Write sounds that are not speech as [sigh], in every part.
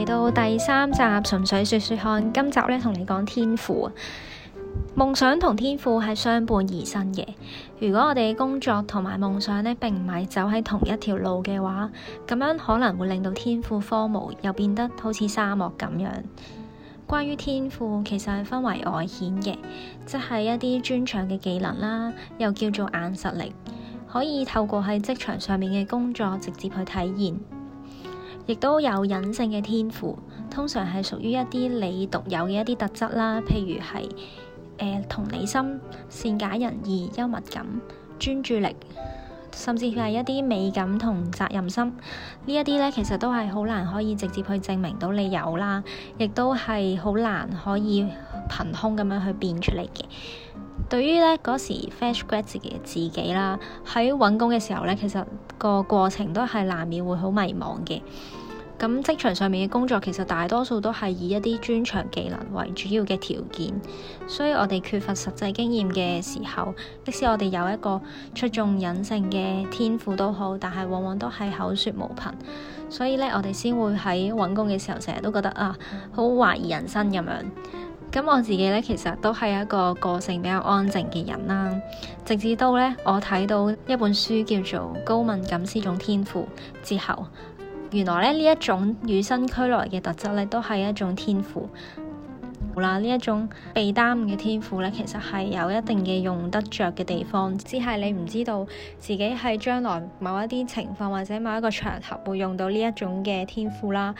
嚟到第三集，純粹說說看。今集咧，同你講天賦啊。夢想同天賦係相伴而生嘅。如果我哋工作同埋夢想呢並唔係走喺同一條路嘅話，咁樣可能會令到天賦荒蕪，又變得好似沙漠咁樣。關於天賦，其實係分為外顯嘅，即係一啲專長嘅技能啦，又叫做硬實力，可以透過喺職場上面嘅工作直接去體現。亦都有隱性嘅天賦，通常係屬於一啲你獨有嘅一啲特質啦，譬如係誒、呃、同理心、善解人意、幽默感、專注力，甚至係一啲美感同責任心呢一啲呢，其實都係好難可以直接去證明到你有啦，亦都係好難可以憑空咁樣去變出嚟嘅。對於咧嗰時 fresh graduate 嘅自，自己啦，喺揾工嘅時候咧，其實個過程都係難免會好迷茫嘅。咁職場上面嘅工作其實大多數都係以一啲專長技能為主要嘅條件，所以我哋缺乏實際經驗嘅時候，即使我哋有一個出眾隱性嘅天賦都好，但係往往都係口說無憑，所以咧我哋先會喺揾工嘅時候成日都覺得啊，好懷疑人生咁樣。咁我自己咧，其實都係一個個性比較安靜嘅人啦。直至到咧，我睇到一本書叫做《高敏感是種天賦》之後，原來咧呢一種與生俱來嘅特質咧，都係一種天賦。呢一種被耽誤嘅天賦呢，其實係有一定嘅用得着嘅地方，只係你唔知道自己喺將來某一啲情況或者某一個場合會用到呢一種嘅天賦啦。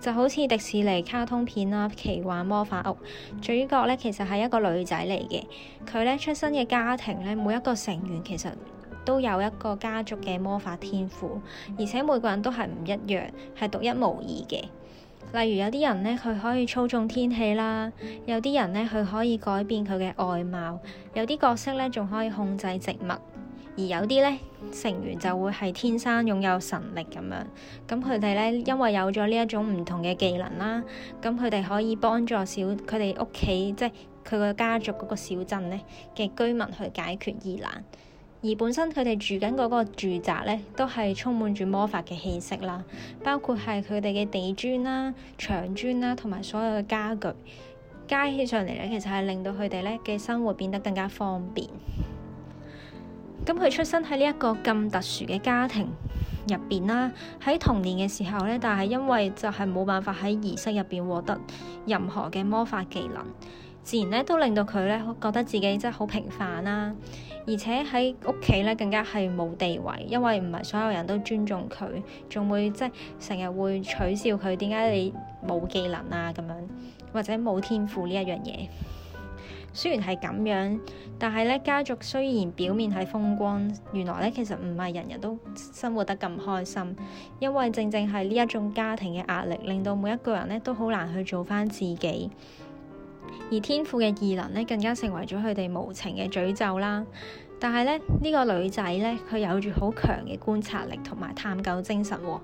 就好似迪士尼卡通片啦，《奇幻魔法屋》主角呢其實係一個女仔嚟嘅，佢呢出生嘅家庭呢，每一個成員其實都有一個家族嘅魔法天賦，而且每個人都係唔一樣，係獨一無二嘅。例如有啲人咧，佢可以操縱天氣啦；有啲人咧，佢可以改變佢嘅外貌；有啲角色咧，仲可以控制植物；而有啲咧成員就會係天生擁有神力咁樣。咁佢哋咧，因為有咗呢一種唔同嘅技能啦，咁佢哋可以幫助小佢哋屋企，即係佢個家族嗰個小鎮咧嘅居民去解決疑難。而本身佢哋住緊嗰個住宅呢，都係充滿住魔法嘅氣息啦。包括係佢哋嘅地磚啦、牆磚啦，同埋所有嘅家具，加起上嚟呢，其實係令到佢哋呢嘅生活變得更加方便。咁佢出生喺呢一個咁特殊嘅家庭入邊啦，喺童年嘅時候呢，但係因為就係冇辦法喺儀式入邊獲得任何嘅魔法技能。自然咧都令到佢咧覺得自己即係好平凡啦、啊，而且喺屋企咧更加係冇地位，因為唔係所有人都尊重佢，仲會即係成日會取笑佢，點解你冇技能啊咁樣，或者冇天賦呢一樣嘢。雖然係咁樣，但係咧家族雖然表面係風光，原來咧其實唔係人人都生活得咁開心，因為正正係呢一種家庭嘅壓力，令到每一個人咧都好難去做翻自己。而天賦嘅異能咧，更加成為咗佢哋無情嘅詛咒啦。但係咧，呢、這個女仔咧，佢有住好強嘅觀察力同埋探究精神喎、哦。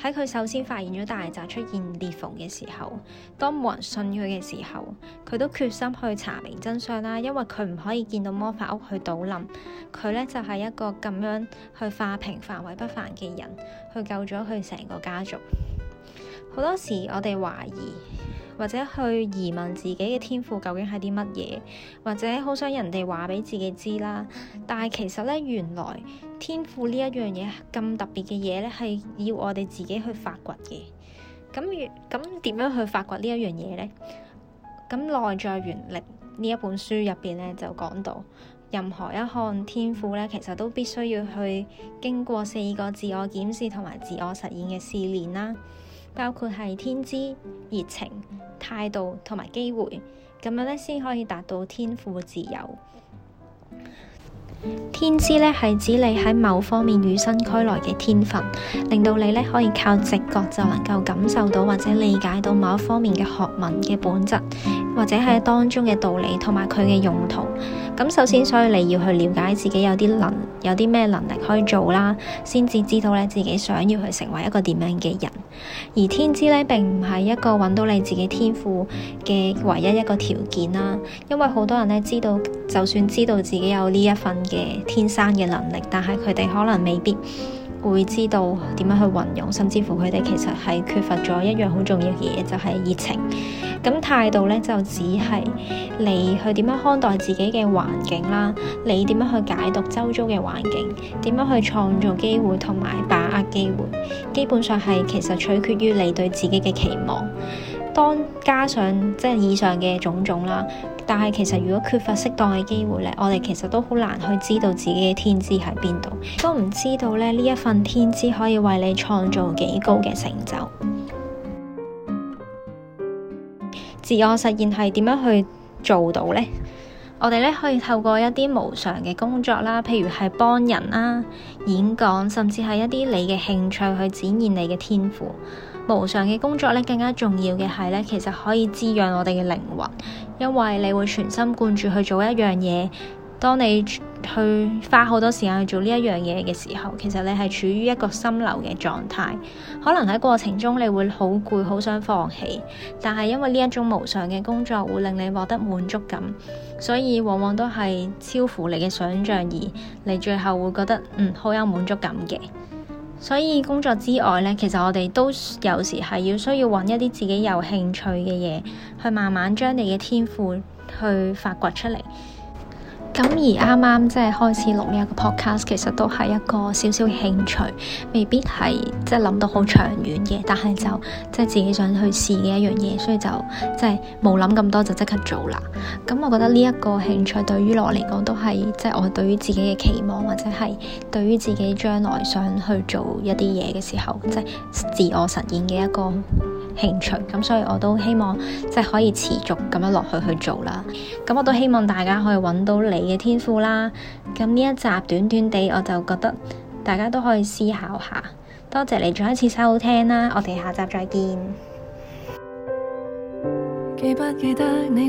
喺佢首先發現咗大宅出現裂縫嘅時候，當冇人信佢嘅時候，佢都決心去查明真相啦。因為佢唔可以見到魔法屋去倒冧，佢咧就係、是、一個咁樣去化平凡為不凡嘅人，去救咗佢成個家族。好多時我哋懷疑，或者去疑問自己嘅天賦究竟係啲乜嘢，或者好想人哋話俾自己知啦。但係其實咧，原來天賦呢一樣嘢咁特別嘅嘢咧，係要我哋自己去發掘嘅。咁咁點樣去發掘呢一樣嘢呢？咁《內在原力》呢一本書入邊咧就講到，任何一項天賦咧，其實都必須要去經過四個自我檢視同埋自我實驗嘅試練啦。包括係天資、熱情、態度同埋機會，咁樣咧先可以達到天賦嘅自由。天資呢係指你喺某方面與生俱來嘅天份，令到你呢可以靠直覺就能夠感受到或者理解到某一方面嘅學問嘅本質，或者係當中嘅道理同埋佢嘅用途。咁首先，所以你要去了解自己有啲能，有啲咩能力可以做啦，先至知道咧自己想要去成為一個點樣嘅人。而天資呢，並唔係一個揾到你自己天賦嘅唯一一個條件啦，因為好多人呢，知道，就算知道自己有呢一份。嘅天生嘅能力，但係佢哋可能未必會知道點樣去運用，甚至乎佢哋其實係缺乏咗一樣好重要嘅嘢，就係熱情。咁態度咧就只係你去點樣看待自己嘅環境啦，你點樣去解讀周遭嘅環境，點樣去創造機會同埋把握機會，基本上係其實取決於你對自己嘅期望，當加上即係以上嘅種種啦。但係其實如果缺乏適當嘅機會咧，我哋其實都好難去知道自己嘅天資喺邊度，都唔知道咧呢一份天資可以為你創造幾高嘅成就。 [music] 自我實現係點樣去做到呢？我哋咧可以透過一啲無償嘅工作啦，譬如係幫人啦、啊、演講，甚至係一啲你嘅興趣去展現你嘅天賦。無常嘅工作咧，更加重要嘅係咧，其實可以滋養我哋嘅靈魂，因為你會全心貫注去做一樣嘢。當你去花好多時間去做呢一樣嘢嘅時候，其實你係處於一個心流嘅狀態。可能喺過程中你會好攰，好想放棄，但係因為呢一種無常嘅工作會令你獲得滿足感，所以往往都係超乎你嘅想像，而你最後會覺得，嗯，好有滿足感嘅。所以工作之外咧，其實我哋都有時係要需要揾一啲自己有興趣嘅嘢，去慢慢將你嘅天賦去發掘出嚟。咁而啱啱即係開始錄呢一個 podcast，其實都係一個少少興趣，未必係即係諗到好長遠嘅，但係就即係、就是、自己想去試嘅一樣嘢，所以就即係冇諗咁多就即刻做啦。咁我覺得呢一個興趣對於我嚟講都係即係我對於自己嘅期望，或者係對於自己將來想去做一啲嘢嘅時候，即、就、係、是、自我實現嘅一個。興趣咁，所以我都希望即係可以持續咁樣落去去做啦。咁我都希望大家可以揾到你嘅天賦啦。咁呢一集短短地，我就覺得大家都可以思考下。多謝你再一次收聽啦，我哋下集再見。記不記得你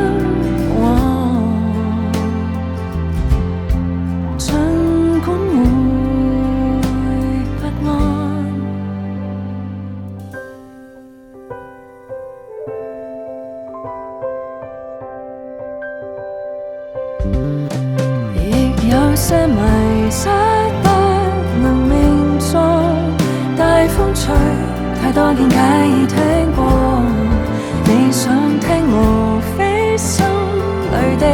亦有些迷失，不能名狀。大風吹，太多見解已聽過。你想聽，無非心裏的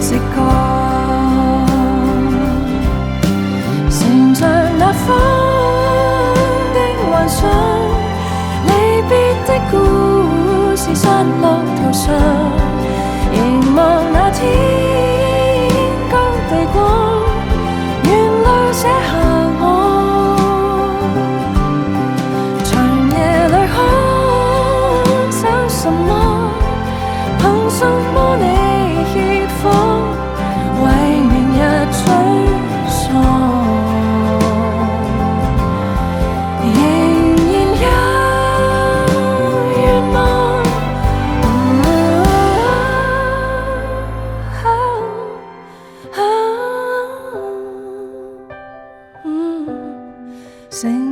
直覺。乘着那風的幻想，離別的故事，散落途上。